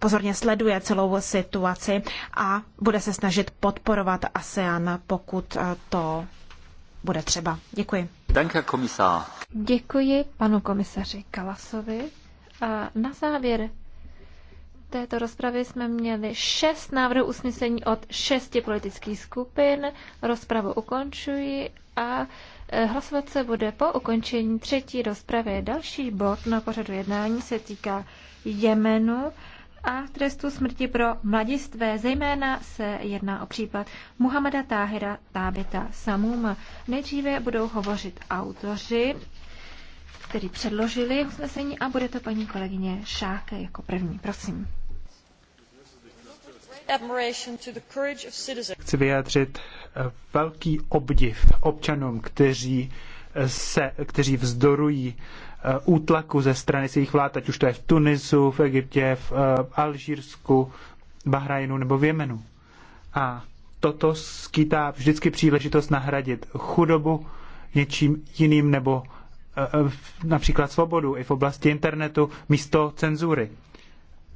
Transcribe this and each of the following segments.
pozorně sleduje celou situaci a bude se snažit podporovat ASEAN, pokud eh, to bude třeba. Děkuji. Danke, komisár. Děkuji panu komisaři Kalasovi. A na závěr této rozpravy jsme měli šest návrhů usnesení od šesti politických skupin. Rozpravu ukončuji a eh, hlasovat se bude po ukončení třetí rozpravy. Další bod na pořadu jednání se týká Jemenu a trestu smrti pro mladistvé. Zejména se jedná o případ Muhammada Táhira Tábita Samuma. Nejdříve budou hovořit autoři, kteří předložili usnesení a bude to paní kolegyně Šáke jako první. Prosím. Chci vyjádřit eh, velký obdiv občanům, kteří eh, se, kteří vzdorují Eh, útlaku ze strany svých vlád, ať už to je v Tunisu, v Egyptě, v eh, Alžírsku, Bahrajnu nebo v Jemenu. A toto skýtá vždycky příležitost nahradit chudobu něčím jiným nebo eh, například svobodu i v oblasti internetu místo cenzury.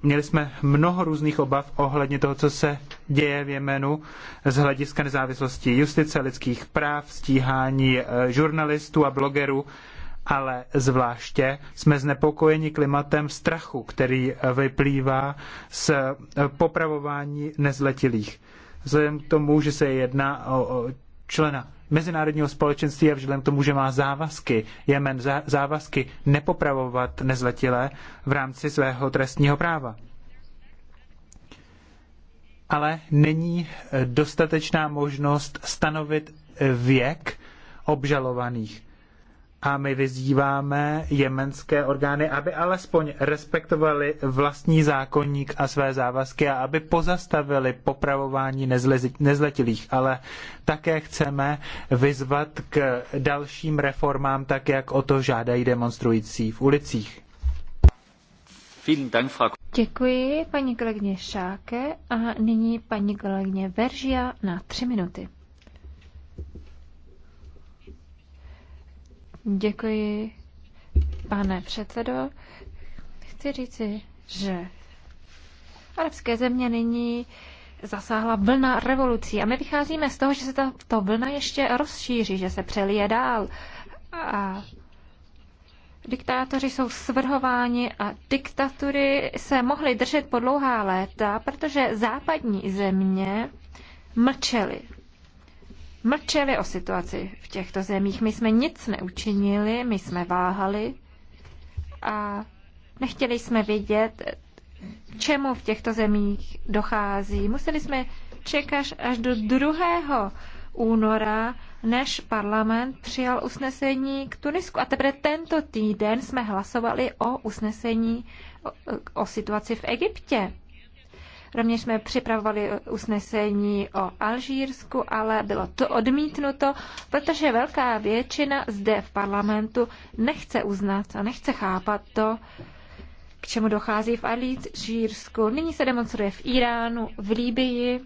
Měli jsme mnoho různých obav ohledně toho, co se děje v Jemenu z hlediska nezávislosti justice, lidských práv, stíhání žurnalistů a blogerů ale zvláště jsme znepokojeni klimatem strachu, který vyplývá z popravování nezletilých. Vzhledem k tomu, že se jedná o člena mezinárodního společenství a vzhledem k tomu, že má závazky, Jemen závazky nepopravovat nezletilé v rámci svého trestního práva. Ale není dostatečná možnost stanovit věk obžalovaných a my vyzýváme jemenské orgány, aby alespoň respektovali vlastní zákonník a své závazky a aby pozastavili popravování nezletilých. Ale také chceme vyzvat k dalším reformám, tak jak o to žádají demonstrující v ulicích. Děkuji paní kolegyně Šáke a nyní paní kolegyně Veržia na tři minuty. Děkuji, pane předsedo. Chci říci, že arabské země nyní zasáhla vlna revolucí a my vycházíme z toho, že se ta to vlna ještě rozšíří, že se přelije dál. A Diktátoři jsou svrhováni a diktatury se mohly držet po dlouhá léta, protože západní země mlčely mlčeli o situaci v těchto zemích. My jsme nic neučinili, my jsme váhali a nechtěli jsme vědět, čemu v těchto zemích dochází. Museli jsme čekat až do 2. února, než parlament přijal usnesení k Tunisku. A teprve tento týden jsme hlasovali o usnesení o, o situaci v Egyptě. Rovněž jsme připravovali usnesení o Alžírsku, ale bylo to odmítnuto, protože velká většina zde v parlamentu nechce uznat a nechce chápat to, k čemu dochází v Alžírsku. Nyní se demonstruje v Iránu, v Líbii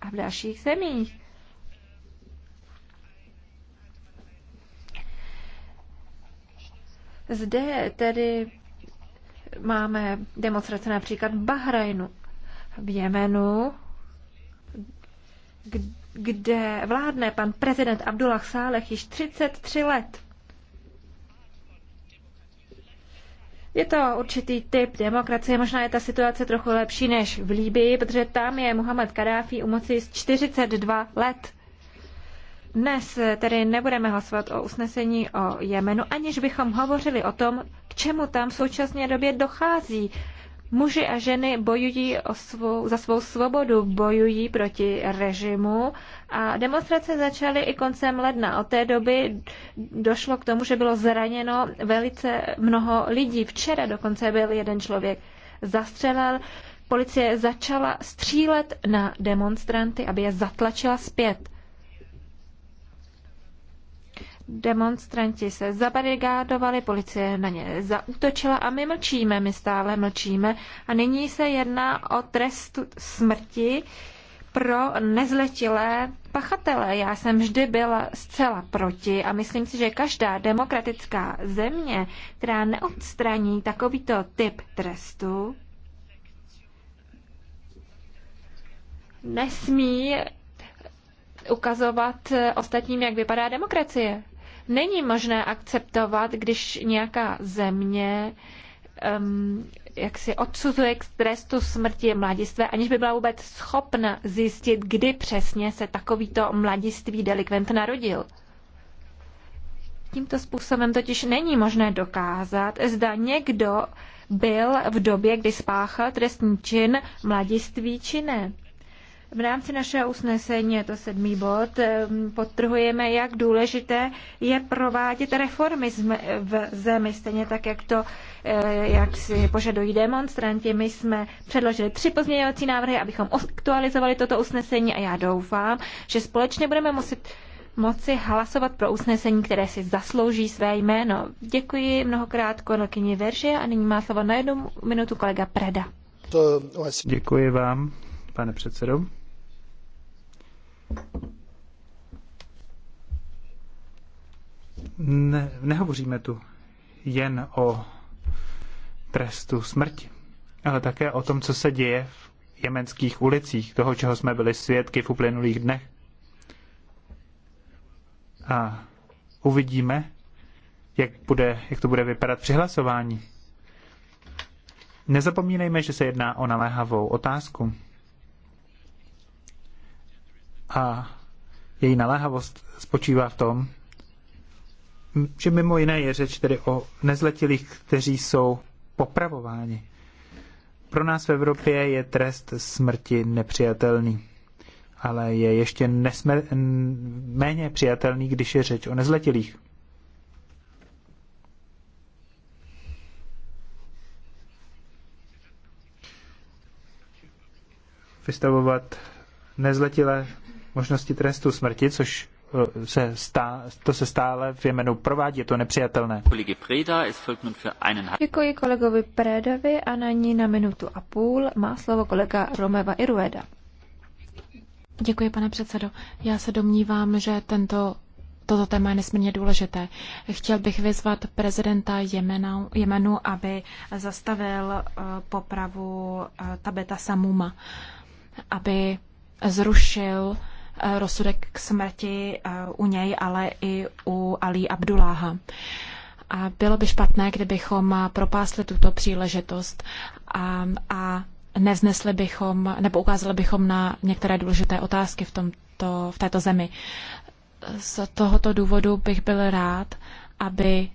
a v dalších zemích. Zde tedy máme demonstrace například v Bahrajnu, v Jemenu, kde vládne pan prezident Abdullah Sálech již 33 let. Je to určitý typ demokracie, možná je ta situace trochu lepší než v Líbii, protože tam je Muhammad Kadáfi u moci z 42 let. Dnes tedy nebudeme hlasovat o usnesení o Jemenu, aniž bychom hovořili o tom, k čemu tam v současné době dochází. Muži a ženy bojují o svou, za svou svobodu, bojují proti režimu a demonstrace začaly i koncem ledna. Od té doby došlo k tomu, že bylo zraněno velice mnoho lidí. Včera dokonce byl jeden člověk zastřelen. Policie začala střílet na demonstranty, aby je zatlačila zpět demonstranti se zabarigádovali, policie na ně zaútočila a my mlčíme, my stále mlčíme. A nyní se jedná o trest smrti pro nezletilé pachatele. Já jsem vždy byla zcela proti a myslím si, že každá demokratická země, která neodstraní takovýto typ trestu, nesmí ukazovat ostatním, jak vypadá demokracie není možné akceptovat, když nějaká země um, jak si odsuzuje k trestu smrti mladistvé, aniž by byla vůbec schopna zjistit, kdy přesně se takovýto mladiství delikvent narodil. Tímto způsobem totiž není možné dokázat, zda někdo byl v době, kdy spáchal trestní čin mladiství či ne. V rámci našeho usnesení, je to sedmý bod, ehm, podtrhujeme, jak důležité je provádět reformy v zemi, stejně tak, jak to eh, jak si požadují demonstranti. My jsme předložili tři pozměňovací návrhy, abychom aktualizovali toto usnesení a já doufám, že společně budeme muset moci hlasovat pro usnesení, které si zaslouží své jméno. Děkuji mnohokrát kolegyni Verže a nyní má slovo na jednu minutu kolega Preda. Děkuji vám, pane předsedo. ne, nehovoříme tu jen o trestu smrti, ale také o tom, co se děje v jemenských ulicích, toho, čeho jsme byli svědky v uplynulých dnech. A uvidíme, jak, bude, jak to bude vypadat při hlasování. Nezapomínejme, že se jedná o naléhavou otázku. A její naléhavost spočívá v tom, že mimo jiné je řeč tedy o nezletilých, kteří jsou popravováni. Pro nás v Evropě je trest smrti nepřijatelný, ale je ještě nesmer, méně přijatelný, když je řeč o nezletilých. Vystavovat nezletilé možnosti trestu smrti, což se, stá, to se stále v Jemenu provádí, je to nepřijatelné. Děkuji kolegovi Prédovi a na ní na minutu a půl má slovo kolega Romeva Irueda. Děkuji, pane předsedo. Já se domnívám, že tento toto téma je nesmírně důležité. Chtěl bych vyzvat prezidenta Jemenu, Jemenu, aby zastavil eh, popravu eh, Tabeta Samuma, aby zrušil Eh, rozsudek k smrti eh, u něj, ale i u Ali Abduláha. A bylo by špatné, kdybychom propásli tuto příležitost a, a nevznesli bychom, nebo ukázali bychom na některé důležité otázky v, tomto, v této zemi. Z tohoto důvodu bych byl rád, aby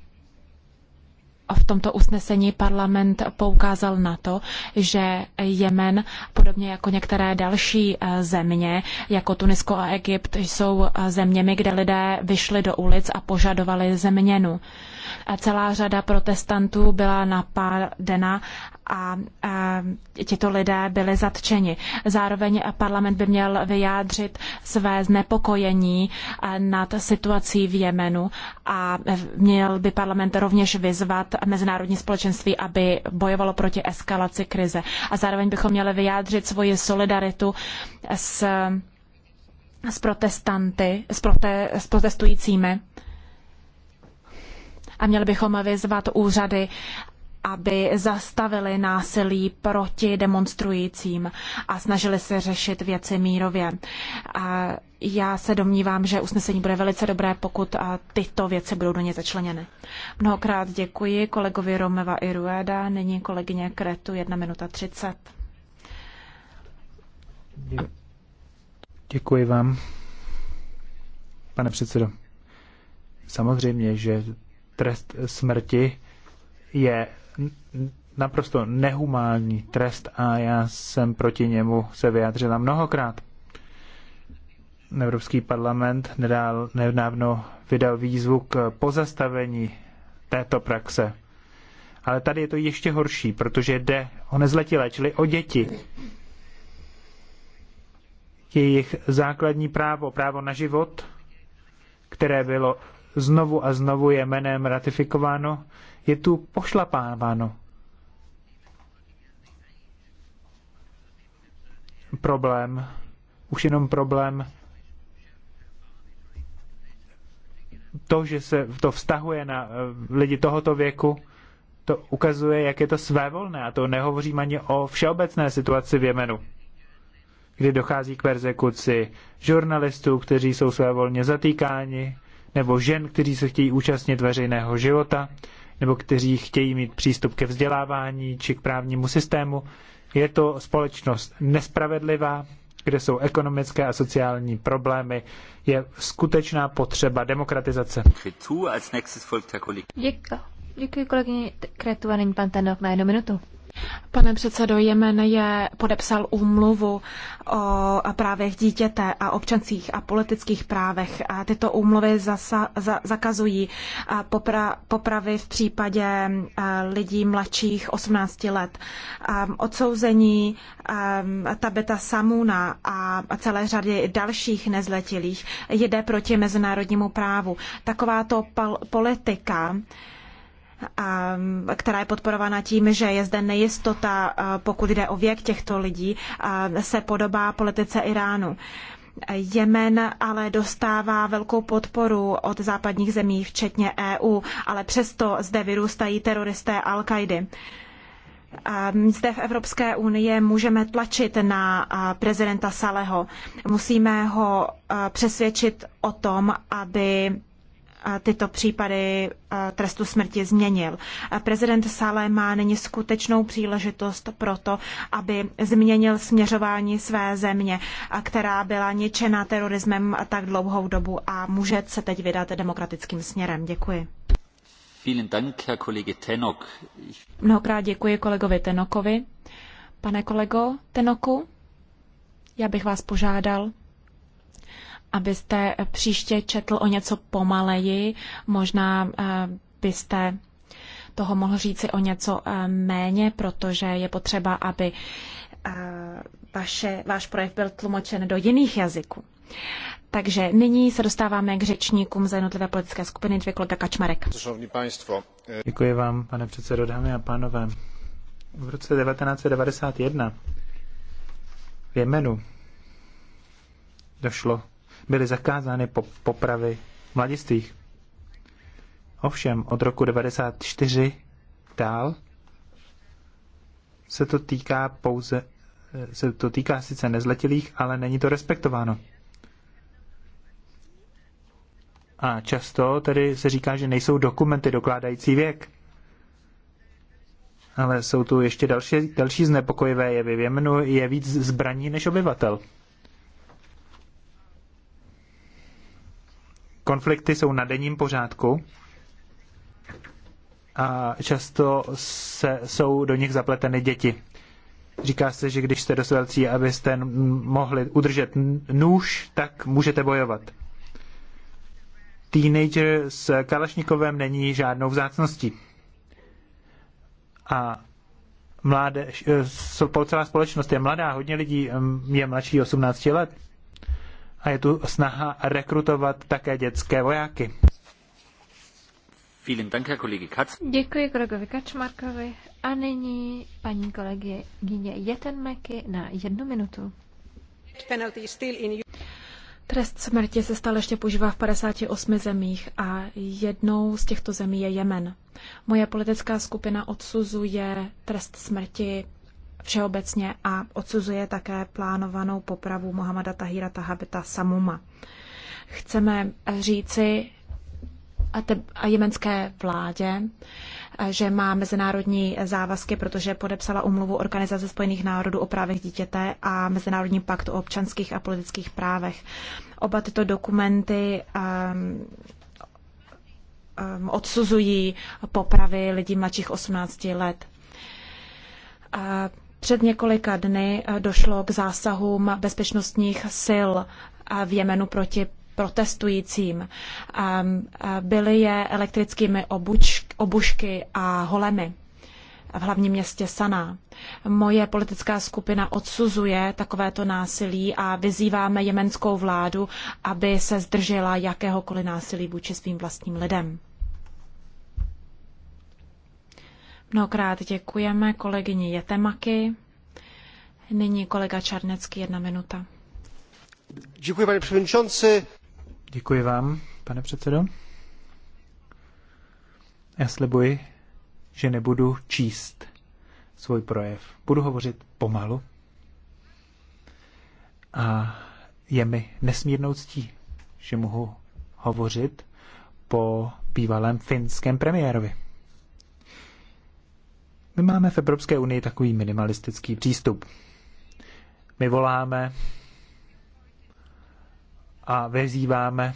v tomto usnesení parlament poukázal na to, že Jemen, podobně jako některé další eh, země, jako Tunisko a Egypt, jsou eh, zeměmi, kde lidé vyšli do ulic a požadovali zeměnu. A celá řada protestantů byla napádena a, a tito lidé byli zatčeni. Zároveň parlament by měl vyjádřit své znepokojení nad situací v Jemenu a měl by parlament rovněž vyzvat mezinárodní společenství, aby bojovalo proti eskalaci krize. A zároveň bychom měli vyjádřit svoji solidaritu s, s protestanty, s, prote, s protestujícími a měli bychom vyzvat úřady, aby zastavili násilí proti demonstrujícím a snažili se řešit věci mírově. A já se domnívám, že usnesení bude velice dobré, pokud tyto věci budou do něj začleněny. Mnohokrát děkuji kolegovi Romeva Rueda. nyní kolegyně Kretu 1 minuta 30. Děkuji vám, pane předsedo. Samozřejmě, že trest smrti je naprosto nehumánní trest a já jsem proti němu se vyjádřila mnohokrát. Evropský parlament nedál, nedávno vydal výzvu k pozastavení této praxe. Ale tady je to ještě horší, protože jde o nezletilé, čili o děti. Jejich základní právo, právo na život, které bylo znovu a znovu je jménem ratifikováno, je tu pošlapáváno. Problém, už jenom problém to, že se to vztahuje na eh, lidi tohoto věku, to ukazuje, jak je to svévolné a to nehovořím ani o všeobecné situaci v Jemenu, kdy dochází k persekuci žurnalistů, kteří jsou svévolně zatýkáni, nebo žen, kteří se chtějí účastnit veřejného života, nebo kteří chtějí mít přístup ke vzdělávání či k právnímu systému. Je to společnost nespravedlivá, kde jsou ekonomické a sociální problémy, je skutečná potřeba demokratizace. Děkuji. Děkuji kolegyně Kretu a nyní pan Tenok na jednu minutu. Pane předsedo, Jemen je podepsal úmluvu o právech dítěte a občanských a politických právech. A tyto úmluvy zasa, za, zakazují popra, popravy v případě lidí mladších 18 let. Odsouzení Tabeta Samuna a celé řady dalších nezletilých jde proti mezinárodnímu právu. Takováto pal, politika která je podporována tím, že je zde nejistota, pokud jde o věk těchto lidí, se podobá politice Iránu. Jemen ale dostává velkou podporu od západních zemí, včetně EU, ale přesto zde vyrůstají teroristé Al-Kaidy. Zde v Evropské unii můžeme tlačit na prezidenta Saleho. Musíme ho přesvědčit o tom, aby tyto případy trestu smrti změnil. Prezident Saleh má nyní skutečnou příležitost pro to, aby změnil směřování své země, která byla ničena terorismem tak dlouhou dobu a může se teď vydat demokratickým směrem. Děkuji. Mnohokrát děkuji kolegovi Tenokovi. Pane kolego Tenoku, já bych vás požádal, abyste příště četl o něco pomaleji, možná eh, byste toho mohl říci o něco eh, méně, protože je potřeba, aby eh, vaše, váš projev byl tlumočen do jiných jazyků. Takže nyní se dostáváme k řečníkům za jednotlivé politické skupiny. Dvě kolega Kačmarek. E, Děkuji vám, pane předsedo, dámy a pánové. V roce 1991 v Jemenu došlo byly zakázány po popravy mladistvých. Ovšem od roku 1994 dál se to týká pouze, se to týká sice nezletilých, ale není to respektováno. A často tedy se říká, že nejsou dokumenty dokládající věk. Ale jsou tu ještě další, další znepokojivé jevy. V Jemenu je víc zbraní než obyvatel. konflikty jsou na denním pořádku a často se, jsou do nich zapleteny děti. Říká se, že když jste dost velcí, abyste mohli udržet nůž, tak můžete bojovat. Teenager s Kalašnikovem není žádnou vzácností. A mládež, eh, celá společnost je mladá, hodně lidí mm, je mladší 18 let, a je tu snaha rekrutovat také dětské vojáky. Děkuji kolegovi Kačmarkovi a nyní paní kolegyně Jetenmeky na jednu minutu. Trest smrti se stále ještě používá v 58 zemích a jednou z těchto zemí je Jemen. Moje politická skupina odsuzuje trest smrti všeobecně a odsuzuje také plánovanou popravu Mohamada Tahira Tahabita Samuma. Chceme říci a, te, a jemenské vládě, že má mezinárodní závazky, protože podepsala umluvu Organizace spojených národů o právech dítěte a Mezinárodní pakt o občanských a politických právech. Oba tyto dokumenty um, um, odsuzují popravy lidí mladších 18 let. A před několika dny eh, došlo k zásahům bezpečnostních sil eh, v Jemenu proti protestujícím. Ehm, eh, byly je elektrickými obušky a holemi v hlavním městě Sana. Moje politická skupina odsuzuje takovéto násilí a vyzýváme jemenskou vládu, aby se zdržela jakéhokoliv násilí vůči svým vlastním lidem. Mnohokrát děkujeme kolegyni Jetemaky. Nyní kolega Čarnecký, jedna minuta. Děkuji, pane předsedající. Děkuji vám, pane předsedo. Já slibuji, že nebudu číst svůj projev. Budu hovořit pomalu. A je mi nesmírnou ctí, že mohu hovořit po bývalém finském premiérovi. My máme v Evropské unii takový minimalistický přístup. My voláme a vyzýváme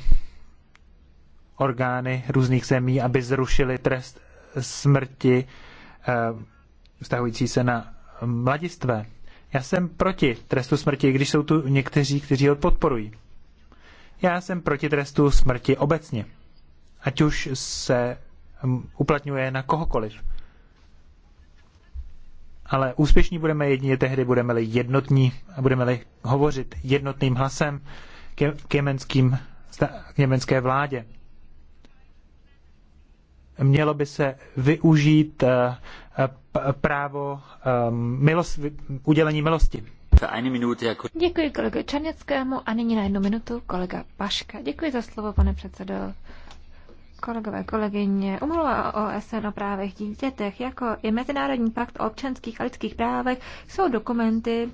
orgány různých zemí, aby zrušili trest smrti eh, vztahující se na mladistvé. Já jsem proti trestu smrti, když jsou tu někteří, kteří ho podporují. Já jsem proti trestu smrti obecně, ať už se mm, uplatňuje na kohokoliv ale úspěšní budeme jedině tehdy, budeme-li jednotní a budeme-li hovořit jednotným hlasem k, jemenským, k jemenské vládě. Mělo by se využít eh, právo eh, milos, udělení milosti. Jako- Děkuji kolegu Černěckému a nyní na jednu minutu kolega Paška. Děkuji za slovo, pane předsedo. Kolegové, kolegyně, umluva OSN o právech dítětech, jako i Mezinárodní pakt o občanských a lidských právech, jsou dokumenty,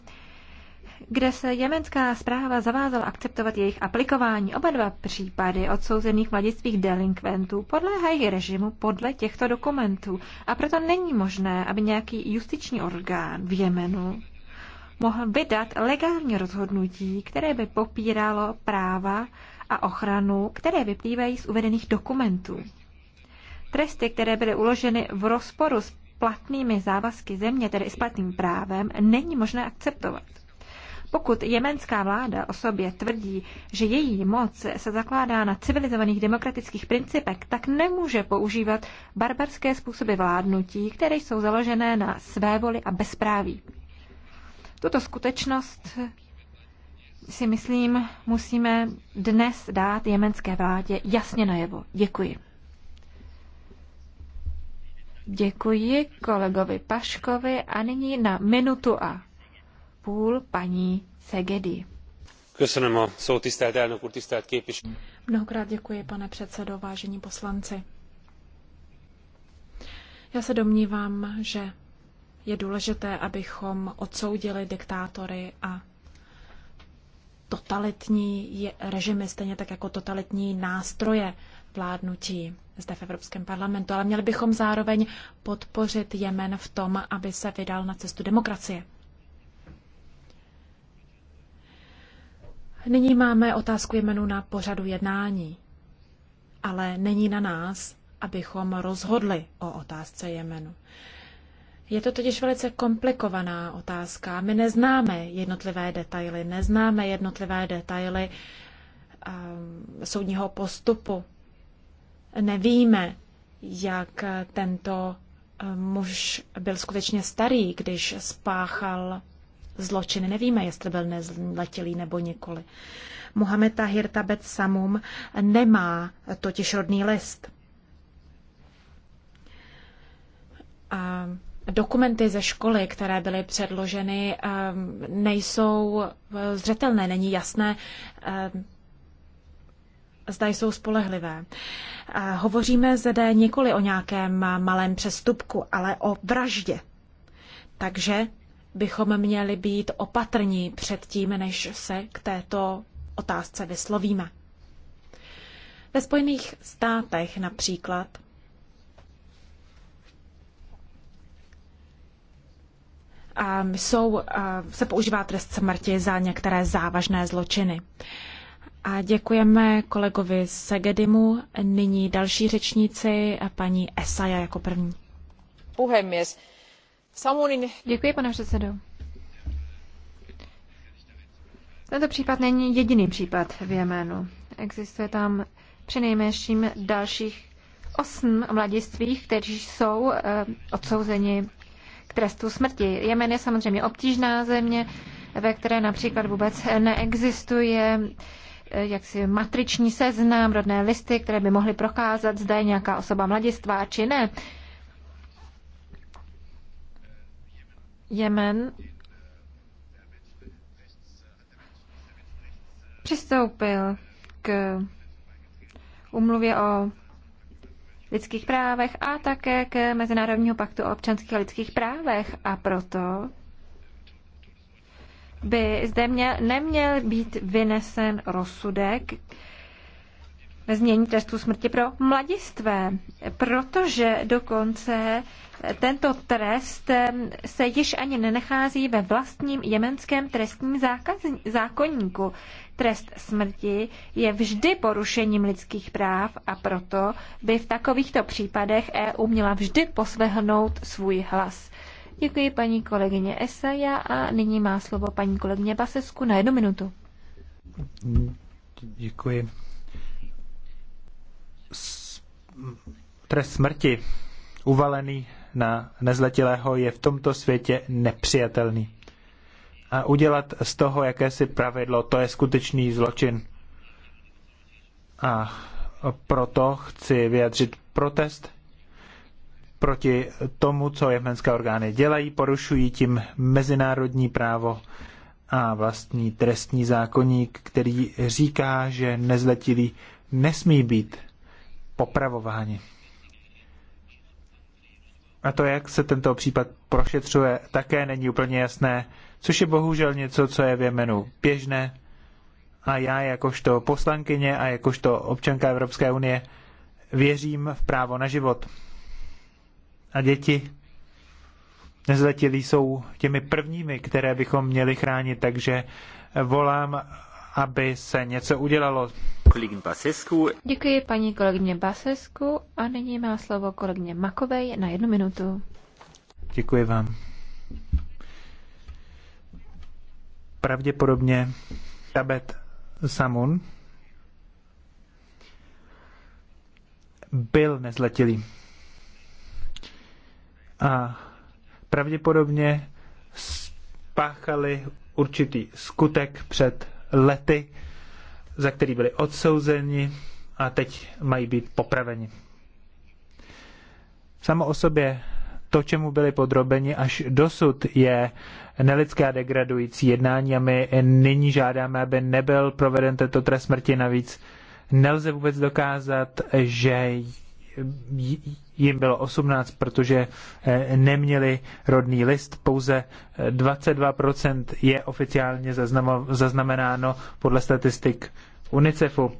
kde se jemenská zpráva zavázala akceptovat jejich aplikování. Oba dva případy odsouzených mladistvých delinkventů podléhají režimu podle těchto dokumentů a proto není možné, aby nějaký justiční orgán v Jemenu mohl vydat legální rozhodnutí, které by popíralo práva a ochranu, které vyplývají z uvedených dokumentů. Tresty, které byly uloženy v rozporu s platnými závazky země, tedy i s platným právem, není možné akceptovat. Pokud jemenská vláda o sobě tvrdí, že její moc se zakládá na civilizovaných demokratických principech, tak nemůže používat barbarské způsoby vládnutí, které jsou založené na své voli a bezpráví. Tuto skutečnost si myslím, musíme dnes dát jemenské vládě jasně najevo. Děkuji. Děkuji kolegovi Paškovi a nyní na minutu a půl paní Segedy. Mnohokrát děkuji, pane předsedo, vážení poslanci. Já se domnívám, že je důležité, abychom odsoudili diktátory a totalitní režimy, stejně tak jako totalitní nástroje vládnutí zde v Evropském parlamentu, ale měli bychom zároveň podpořit Jemen v tom, aby se vydal na cestu demokracie. Nyní máme otázku Jemenu na pořadu jednání, ale není na nás, abychom rozhodli o otázce Jemenu. Je to totiž velice komplikovaná otázka. My neznáme jednotlivé detaily, neznáme jednotlivé detaily um, soudního postupu. Nevíme, jak tento ehm, muž byl skutečně starý, když spáchal zločin. Nevíme, jestli byl nezletilý nebo nikoli. Mohamed Tahir Tabet Samum nemá totiž rodný list. A dokumenty ze školy, které byly předloženy, ehm, nejsou eh, zřetelné, není jasné, ehm, zda jsou spolehlivé. Eh, hovoříme zde nikoli o nějakém malém přestupku, ale o vraždě. Takže bychom měli být opatrní před tím, než se k této otázce vyslovíme. Ve Spojených státech například jsou, se používá trest smrti za některé závažné zločiny. A děkujeme kolegovi Segedimu. Nyní další řečníci, paní Esaja jako první. Děkuji, pane předsedo. Tento případ není jediný případ v Jemenu. Existuje tam přinejmenším dalších osm mladistvých, kteří jsou eh, odsouzeni trestu smrti. Jemen je samozřejmě obtížná země, ve které například vůbec neexistuje eh, jaksi matriční seznam, rodné listy, které by mohly prokázat, zda je nějaká osoba mladistvá či ne. Jemen přistoupil k umluvě o lidských právech a také k Mezinárodního paktu o občanských a lidských právech. A proto by zde měl, neměl být vynesen rozsudek ve změní trestu smrti pro mladistvé, protože dokonce tento trest se již ani nenechází ve vlastním jemenském trestním zákazní, zákonníku. Trest smrti je vždy porušením lidských práv a proto by v takovýchto případech EU měla vždy posvehnout svůj hlas. Děkuji paní kolegyně Esaja a nyní má slovo paní kolegyně Basesku na jednu minutu. Děkuji. Trest smrti uvalený na nezletilého je v tomto světě nepřijatelný udělat z toho jakési pravidlo, to je skutečný zločin. A proto chci vyjadřit protest proti tomu, co jemenské orgány dělají, porušují tím mezinárodní právo a vlastní trestní zákonník, který říká, že nezletilí nesmí být popravováni a to, jak se tento případ prošetřuje, také není úplně jasné, což je bohužel něco, co je v jmenu běžné. A já jakožto poslankyně a jakožto občanka Evropské unie věřím v právo na život. A děti nezletilí jsou těmi prvními, které bychom měli chránit, takže volám aby se něco udělalo. Děkuji paní kolegyně Basescu a nyní má slovo kolegyně Makovej na jednu minutu. Děkuji vám. Pravděpodobně Tabet Samun byl nezletilý. A pravděpodobně spáchali určitý skutek před lety, za který byli odsouzeni a teď mají být popraveni. Samo o sobě to, čemu byli podrobeni až dosud, je nelidské a degradující jednání a my nyní žádáme, aby nebyl proveden tento trest smrti navíc. Nelze vůbec dokázat, že jim bylo 18, protože eh, neměli rodný list. Pouze 22% eh, je oficiálně zaznamenáno podle statistik UNICEFu.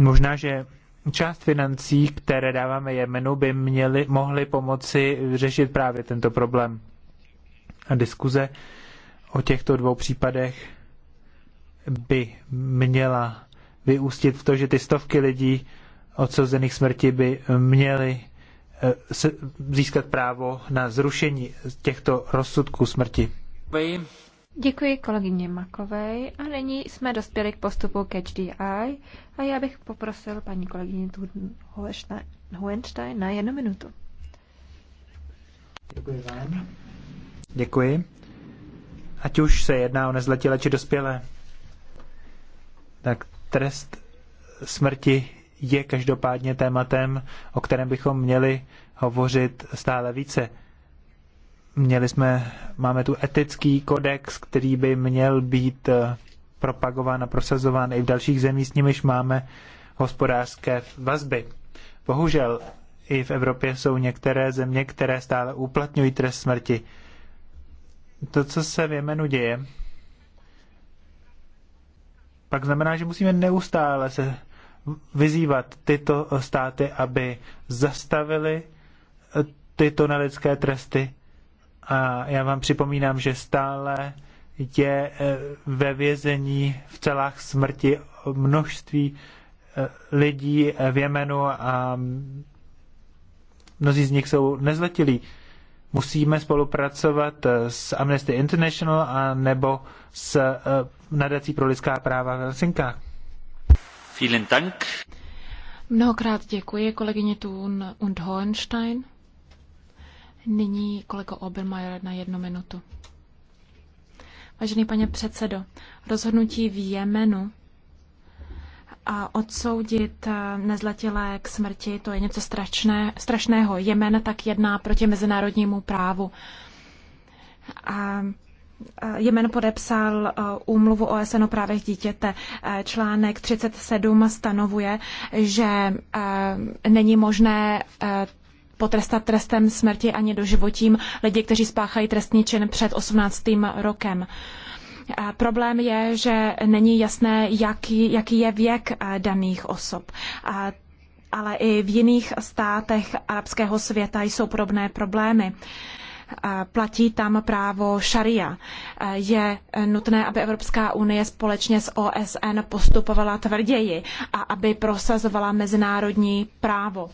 Možná, že část financí, které dáváme Jemenu, by měly, mohly pomoci řešit právě tento problém. A diskuze o těchto dvou případech by měla vyústit v to, že ty stovky lidí, odsouzených smrti by měli eh, získat právo na zrušení těchto rozsudků smrti. Děkuji kolegyně Makovej a nyní jsme dospěli k postupu k HDI a já bych poprosil paní kolegyni Hohenstein na jednu minutu. Děkuji vám. Děkuji. Ať už se jedná o nezletilé či dospělé, tak trest smrti je každopádně tématem, o kterém bychom měli hovořit stále více. Měli jsme, máme tu etický kodex, který by měl být eh, propagován a prosazován i v dalších zemích, s nimiž máme hospodářské vazby. Bohužel i v Evropě jsou některé země, které stále uplatňují trest smrti. To, co se v Jemenu děje, pak znamená, že musíme neustále se vyzývat tyto státy, aby zastavili eh, tyto nelidské tresty. A já vám připomínám, že stále je eh, ve vězení v celách smrti množství eh, lidí v Jemenu a mm, mnozí z nich jsou nezletilí. Musíme spolupracovat s Amnesty International a nebo s nadací pro lidská práva v Helsinkách. Vielen Dank. Mnohokrát děkuji kolegyně Thun und Hohenstein. Nyní kolego Obermayr na jednu minutu. Vážený pane předsedo, rozhodnutí v Jemenu a odsoudit eh, nezletilé k smrti, to je něco strašné, strašného. Jemen tak jedná proti mezinárodnímu právu. A Eh, Jemen podepsal eh, úmluvu OSN o právech dítěte. Eh, Článek 37 stanovuje, že není možné potrestat trestem smrti ani doživotím lidi, kteří spáchají trestní čin před 18. rokem. A problém je, že není jasné, jaký, jaký je věk daných osob. A, ale i v jiných státech arabského světa jsou podobné problémy. A, platí tam právo šaria. Je nutné, aby Evropská unie společně s OSN postupovala tvrději a aby prosazovala mezinárodní právo.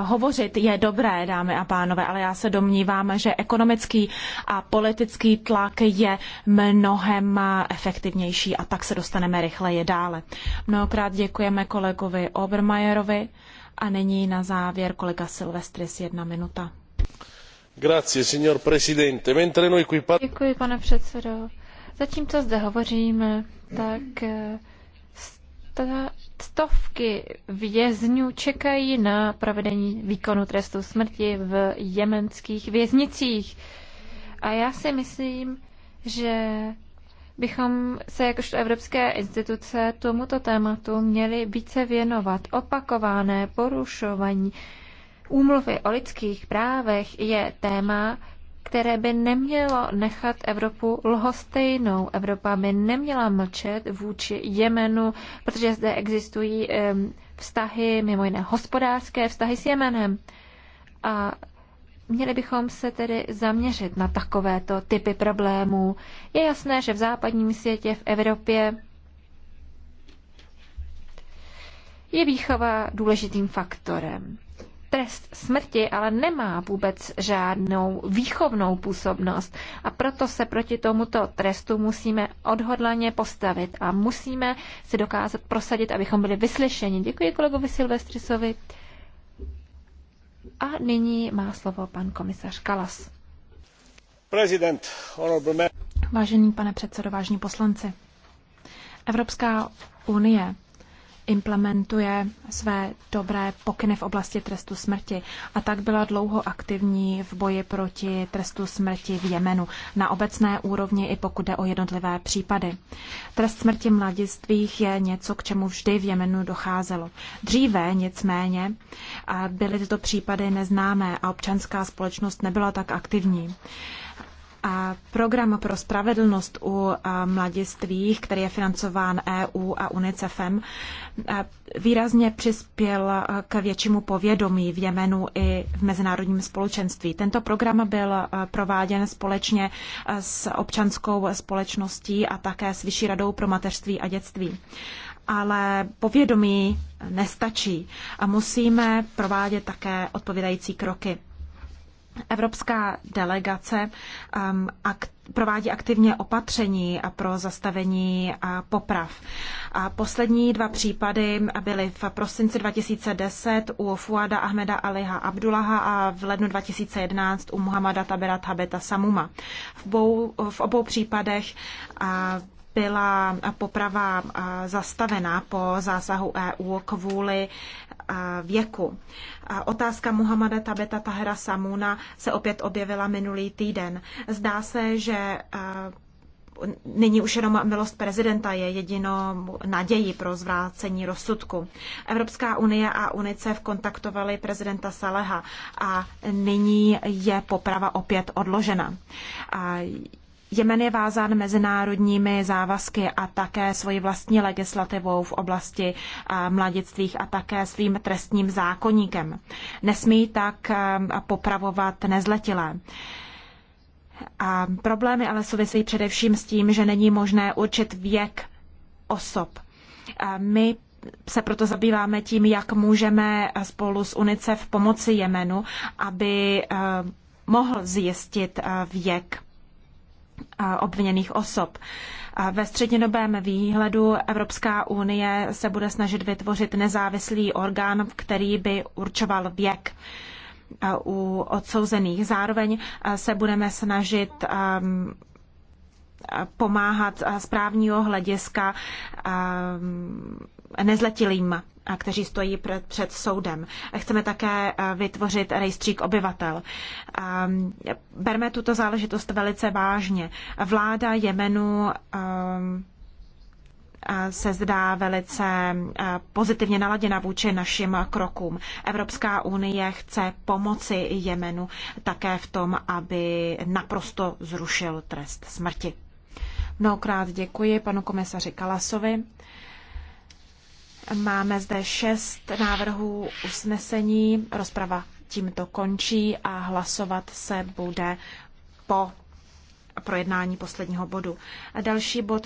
Hovořit je dobré, dámy a pánové, ale já se domnívám, že ekonomický a politický tlak je mnohem efektivnější a tak se dostaneme rychleji dále. Mnohokrát děkujeme kolegovi Obermajerovi a nyní na závěr kolega Silvestris jedna minuta pane předsedající Zatímco zde hovoříme, tak eh, stovky vězňů čekají na provedení výkonu trestu smrti v jemenských věznicích. A já si myslím, že bychom se jakožto evropské instituce tomuto tématu měli více věnovat. Opakované porušování úmluvy o lidských právech je téma, které by nemělo nechat Evropu lhostejnou. Evropa by neměla mlčet vůči Jemenu, protože zde existují vztahy, mimo jiné hospodářské vztahy s Jemenem. A Měli bychom se tedy zaměřit na takovéto typy problémů. Je jasné, že v západním světě, v Evropě je výchova důležitým faktorem trest smrti ale nemá vůbec žádnou výchovnou působnost a proto se proti tomuto trestu musíme odhodlaně postavit a musíme se dokázat prosadit, abychom byli vyslyšeni. Děkuji kolegovi Silvestrisovi. A nyní má slovo pan komisař Kalas. President, Vážený pane předsedo, vážní poslanci. Evropská unie implementuje své dobré pokyny v oblasti trestu smrti a tak byla dlouho aktivní v boji proti trestu smrti v Jemenu na obecné úrovni i pokud jde o jednotlivé případy. Trest smrti mladistvých je něco, k čemu vždy v Jemenu docházelo. Dříve nicméně byly tyto případy neznámé a občanská společnost nebyla tak aktivní. Program pro spravedlnost u mladistvých, který je financován EU a UNICEFem, výrazně přispěl k většímu povědomí v Jemenu i v mezinárodním společenství. Tento program byl prováděn společně s občanskou společností a také s Vyšší radou pro mateřství a dětství ale povědomí nestačí a musíme provádět také odpovídající kroky. Evropská delegace um, ak, provádí aktivně opatření a pro zastavení a poprav. A poslední dva případy byly v prosinci 2010 u Fuada Ahmeda Aliha Abdullaha a v lednu 2011 u Muhammada Tabera Tabeta Samuma. V, bou, v obou případech a, byla poprava zastavená po zásahu EU kvůli věku. Otázka Muhammada Tabeta Tahera Samuna se opět objevila minulý týden. Zdá se, že eh, Nyní už jenom milost prezidenta je jedinou naději pro zvrácení rozsudku. Evropská unie a UNICEF kontaktovali prezidenta Saleha a nyní je poprava opět odložena. A Jemen je vázán mezinárodními závazky a také svoji vlastní legislativou v oblasti mladictvích a také svým trestním zákoníkem. Nesmí tak popravovat nezletilé. A problémy ale souvisí především s tím, že není možné určit věk osob. A my se proto zabýváme tím, jak můžeme spolu s UNICEF pomoci Jemenu, aby mohl zjistit věk obviněných osob. Ve střednědobém výhledu Evropská unie se bude snažit vytvořit nezávislý orgán, který by určoval věk u odsouzených. Zároveň se budeme snažit um, pomáhat z právního hlediska nezletilým kteří stojí před soudem. Chceme také eh, vytvořit rejstřík obyvatel. Ehm, berme tuto záležitost velice vážně. Vláda Jemenu ehm, se zdá velice eh, pozitivně naladěna vůči našim krokům. Evropská unie chce pomoci Jemenu také v tom, aby naprosto zrušil trest smrti. Mnohokrát děkuji panu komisaři Kalasovi. Máme zde šest návrhů usnesení. Rozprava tímto končí a hlasovat se bude po projednání posledního bodu. Další bod